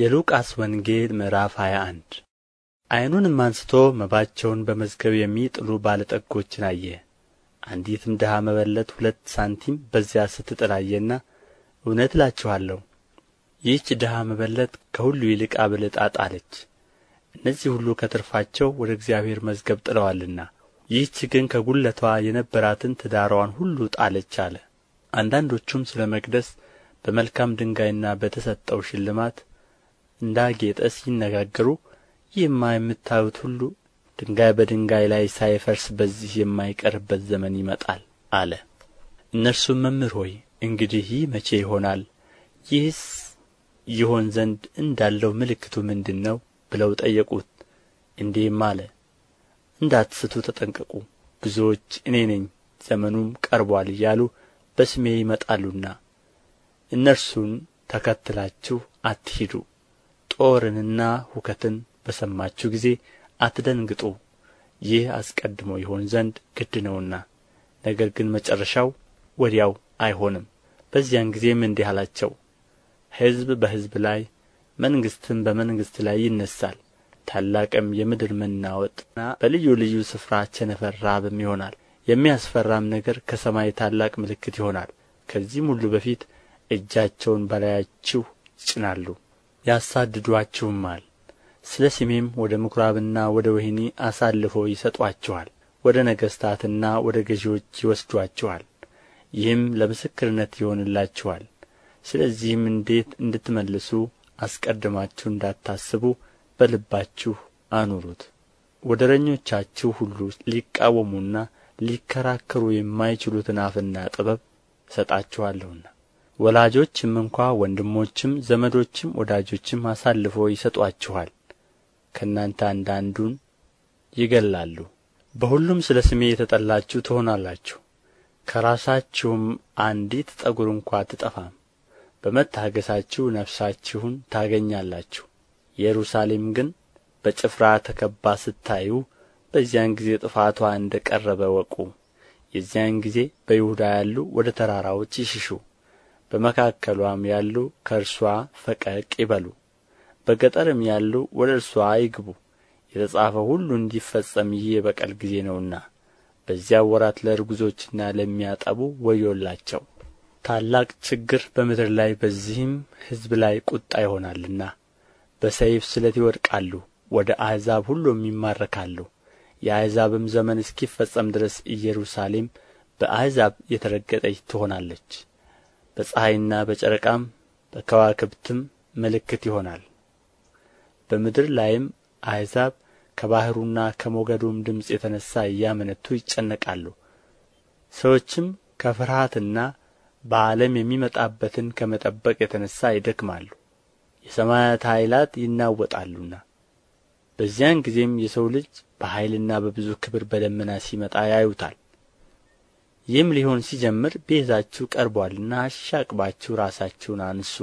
የሉቃስ ወንጌል ምዕራፍ 21 ዓይኑንም አንስቶ መባቸውን በመዝገብ የሚጥሉ ባለጠጎችን አየ። አንዲትም ድሃ መበለት ሁለት ሳንቲም በዚያ ስትጥል አየና፣ እውነት እላችኋለሁ ይህች ድሃ መበለት ከሁሉ ይልቅ አብልጣ ጣለች፣ እነዚህ ሁሉ ከትርፋቸው ወደ እግዚአብሔር መዝገብ ጥለዋልና፣ ይህች ግን ከጉለቷ የነበራትን ትዳሯን ሁሉ ጣለች አለ። አንዳንዶቹም ስለ መቅደስ በመልካም ድንጋይና በተሰጠው ሽልማት እንዳጌጠ ሲነጋገሩ ይህማ የምታዩት ሁሉ ድንጋይ በድንጋይ ላይ ሳይፈርስ በዚህ የማይቀርበት ዘመን ይመጣል አለ እነርሱም መምህር ሆይ እንግዲህ ይህ መቼ ይሆናል ይህስ ይሆን ዘንድ እንዳለው ምልክቱ ምንድን ነው ብለው ጠየቁት እንዲህም አለ እንዳትስቱ ተጠንቀቁ ብዙዎች እኔ ነኝ ዘመኑም ቀርቧል እያሉ በስሜ ይመጣሉና እነርሱን ተከትላችሁ አትሂዱ ጦርንና ሁከትን በሰማችሁ ጊዜ አትደንግጡ ይህ አስቀድሞ ይሆን ዘንድ ግድ ነውና ነገር ግን መጨረሻው ወዲያው አይሆንም በዚያን ጊዜም እንዲህ አላቸው ሕዝብ በሕዝብ ላይ መንግሥትም በመንግሥት ላይ ይነሣል ታላቅም የምድር መናወጥና በልዩ ልዩ ስፍራ ቸነፈር ራብም ይሆናል የሚያስፈራም ነገር ከሰማይ ታላቅ ምልክት ይሆናል ከዚህም ሁሉ በፊት እጃቸውን በላያችሁ ይጭናሉ ያሳድዱአችሁማል ስለ ስሜም ወደ ምኵራብና ወደ ወህኒ አሳልፈው ይሰጧችኋል፣ ወደ ነገሥታትና ወደ ገዢዎች ይወስዱአችኋል ይህም ለምስክርነት ይሆንላችኋል ስለዚህም እንዴት እንድትመልሱ አስቀድማችሁ እንዳታስቡ በልባችሁ አኑሩት ወደረኞቻችሁ ሁሉ ሊቃወሙና ሊከራከሩ የማይችሉትን አፍና ጥበብ እሰጣችኋለሁና ወላጆችም እንኳ ወንድሞችም ዘመዶችም ወዳጆችም አሳልፈው ይሰጧችኋል፣ ከእናንተ አንዳንዱን ይገላሉ። በሁሉም ስለ ስሜ የተጠላችሁ ትሆናላችሁ፣ ከራሳችሁም አንዲት ጠጉር እንኳ ትጠፋም! በመታገሳችሁ ነፍሳችሁን ታገኛላችሁ። ኢየሩሳሌም ግን በጭፍራ ተከባ ስታዩ በዚያን ጊዜ ጥፋቷ እንደ ቀረበ ወቁ። የዚያን ጊዜ በይሁዳ ያሉ ወደ ተራራዎች ይሽሹ። በመካከልዋም ያሉ ከእርሷ ፈቀቅ ይበሉ፣ በገጠርም ያሉ ወደ እርሷ አይግቡ። የተጻፈው ሁሉ እንዲፈጸም ይህ የበቀል ጊዜ ነውና፣ በዚያ ወራት ለእርጉዞችና ለሚያጠቡ ወዮላቸው። ታላቅ ችግር በምድር ላይ በዚህም ሕዝብ ላይ ቁጣ ይሆናልና፣ በሰይፍ ስለት ይወድቃሉ፣ ወደ አሕዛብ ሁሉም ይማረካሉ። የአሕዛብም ዘመን እስኪፈጸም ድረስ ኢየሩሳሌም በአሕዛብ የተረገጠች ትሆናለች። በፀሐይና በጨረቃም በከዋክብትም ምልክት ይሆናል። በምድር ላይም አሕዛብ ከባሕሩና ከሞገዱም ድምፅ የተነሣ እያመነቱ ይጨነቃሉ። ሰዎችም ከፍርሃትና በዓለም የሚመጣበትን ከመጠበቅ የተነሣ ይደክማሉ። የሰማያት ኃይላት ይናወጣሉና በዚያን ጊዜም የሰው ልጅ በኃይልና በብዙ ክብር በደመና ሲመጣ ያዩታል። ይህም ሊሆን ሲጀምር ቤዛችሁ ቀርቧልና አሻቅባችሁ ራሳችሁን አንሱ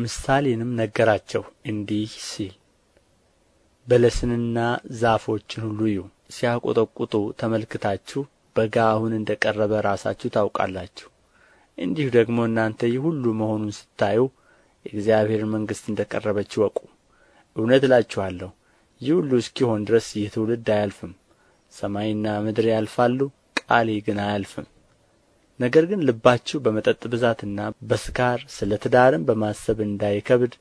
ምሳሌንም ነገራቸው እንዲህ ሲል በለስንና ዛፎችን ሁሉ እዩ ሲያቆጠቁጡ ተመልክታችሁ በጋ አሁን እንደ ቀረበ ራሳችሁ ታውቃላችሁ እንዲሁ ደግሞ እናንተ ይህ ሁሉ መሆኑን ስታዩ የእግዚአብሔር መንግሥት እንደ ቀረበች እወቁ እውነት እላችኋለሁ ይህ ሁሉ እስኪሆን ድረስ ይህ ትውልድ አያልፍም ሰማይና ምድር ያልፋሉ ቃሌ ግን አያልፍም ነገር ግን ልባችሁ በመጠጥ ብዛትና በስካር ስለ ትዳርም በማሰብ እንዳይከብድ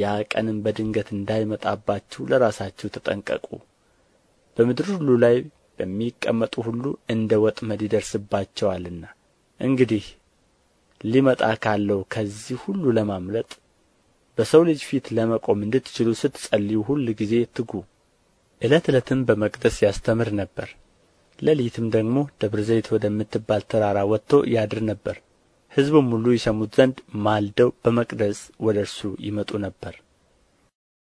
ያ ቀንም በድንገት እንዳይመጣባችሁ ለራሳችሁ ተጠንቀቁ። በምድር ሁሉ ላይ በሚቀመጡ ሁሉ እንደ ወጥመድ ይደርስባቸዋልና። እንግዲህ ሊመጣ ካለው ከዚህ ሁሉ ለማምለጥ በሰው ልጅ ፊት ለመቆም እንድትችሉ ስትጸልዩ ሁል ጊዜ ትጉ። ዕለት ዕለትም በመቅደስ ያስተምር ነበር ሌሊትም ደግሞ ደብረ ዘይት ወደምትባል ተራራ ወጥቶ ያድር ነበር ሕዝቡም ሁሉ ይሰሙት ዘንድ ማልደው በመቅደስ ወደ እርሱ ይመጡ ነበር